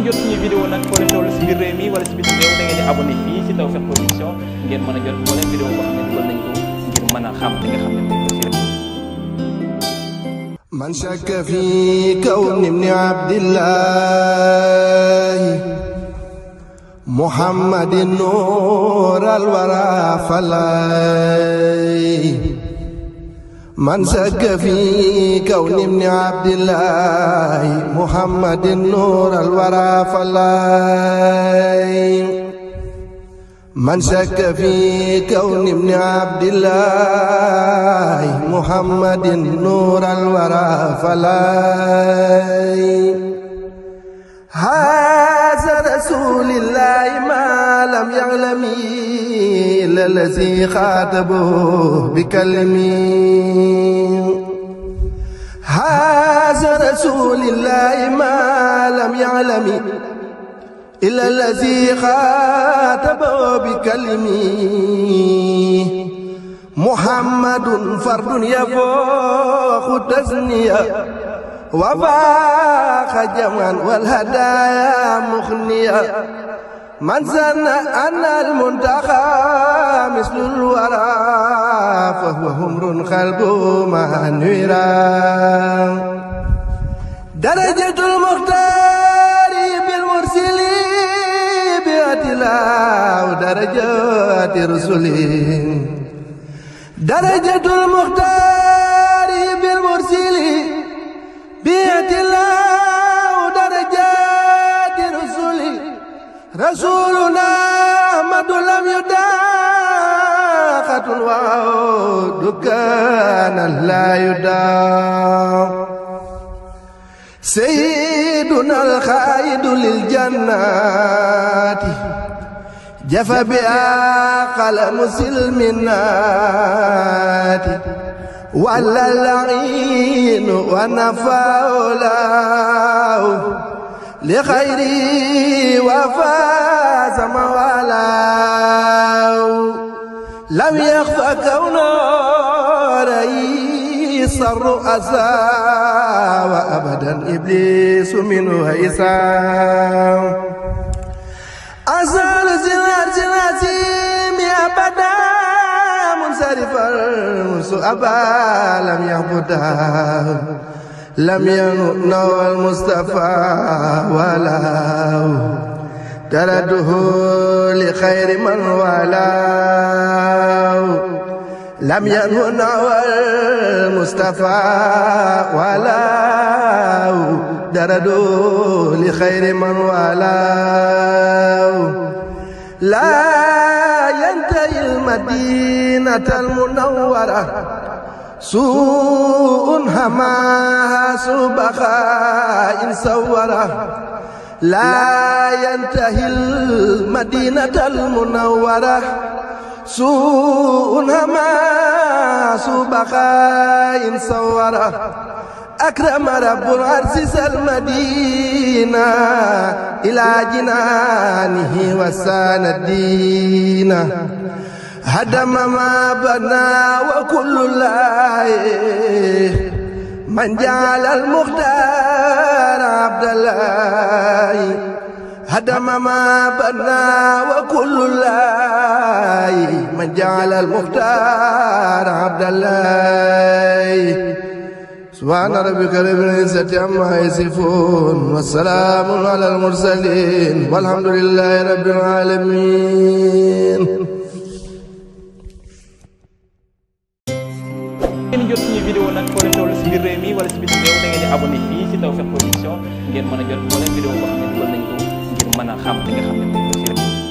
ngeen jot suñu vidéo nag foo leen toll si biir réew mi wala si bitim réew da ngeen di abonné fii si Tawfekh Production ngeen mën a jot moo leen vidéo boo xam ne dugal nañ ko ngir mën a xam li nga xam ne moom la rek. man shakka fi kawni ibni abdillahi muhammadin nuural waraa falay من سك في كون ابن عبد الله محمد النور الورى فالله من شك في كون ابن عبد الله محمد نور الورى فلا هذا رسول الله ما لم يعلمي إلا الذي خاطبه بكلمي هذا رسول الله ما لم يعلم إلا الذي خاطبه بكلمي محمد فرد يفوق تزنيه وفاق جمعا والهدايا مخنيه من ظن أن المنتقى مثل الورى فهو همر خلقه منورا درجة المختار بالمرسل بأتلا ودرجات رسله درجة المختار بالمرسل بأتلا كان لا يداوم سيدنا الخالد للجنات جف بها قلم سلمنات ولا العين ونفاوله لخيري وفاز مولاه لم يخفى كونه الرؤساء وأبدا إبليس منه هيسا أزال زلال زلاتي أبدا منصرفا سؤبا لم يعبدا لم ينؤنه المصطفى ولا ترده لخير من والاه لم ينن والمصطفى ولا درد لخير من والاه لا ينتهي المدينة المنورة سوء هما سبخاء سورة لا ينتهي المدينة المنورة suuna maa su baqaa'in sawara akrama rabbul arsi salmadiina ilaa jinaanihi wasaanadiina hadama maa banaa wa kullu laaye man jaalal muxtaar abdallaahi hadama maa banaa wa kullu laaye man jaal al muxtaar abdallahi subhaana rabbika rabbil izzati amma yasifuun wa salaamun alal mursaliin walhamdu lillaahi rabbil aalamiin. ngeen jot suñu vidéo nag foo leen toll si biir réew mi wala si biir réew da ngeen di abonné fii si Tawfekh Production ngeen mën a jot moo leen vidéo boo xam ne dugal nañ ko ngir mën a xam li nga xam ne